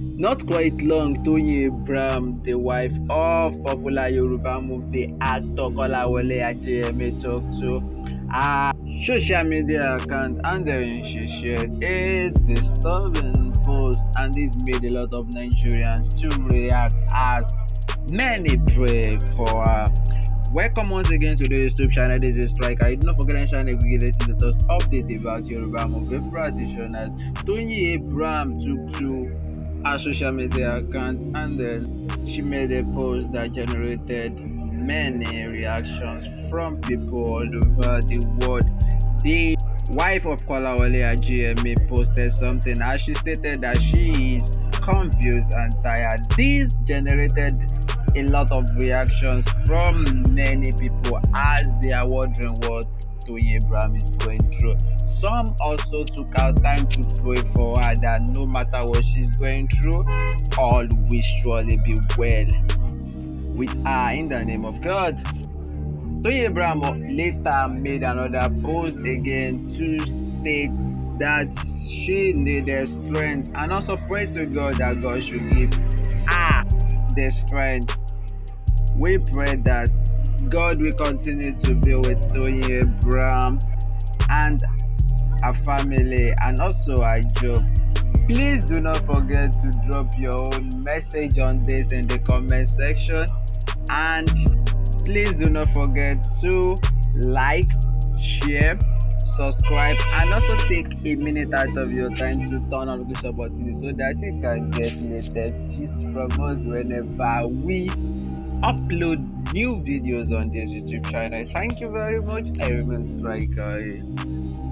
Not quite long, Toyin Abraham, the wife of popular Yoruba movie actor Kolawole Ajeyemi, talked to her social media account and therein she shared a disturbing post, and this made a lot of Nigerians to react as many pray for her. Welcome once again to the YouTube channel. This is Striker. You do not forget to share the latest latest update about Yoruba movie practitioners. Tony Abraham took to her social media account and then she made a post that generated many reactions from people all over the world. The wife of Kolawole Ajayemi posted something as she stated that she is confused and tired. This generated a lot of reactions from many people as they are wondering what. Toyin Abraham is going through. Some also took out time to pray for her that no matter what she's going through, all will surely be well with her in the name of God. Toyin Abraham later made another post again to state that she needed strength and also pray to God that God should give her the strength. We pray that God we continue to be with Tony, Abraham and our family and also her job. Please do not forget to drop your own message on this in the comment section and please do not forget to like, share, subscribe and also take a minute out of your time to turn on the button so that you can get latest gist from us whenever we upload new videos on this YouTube channel. Thank you very much. I remain Strike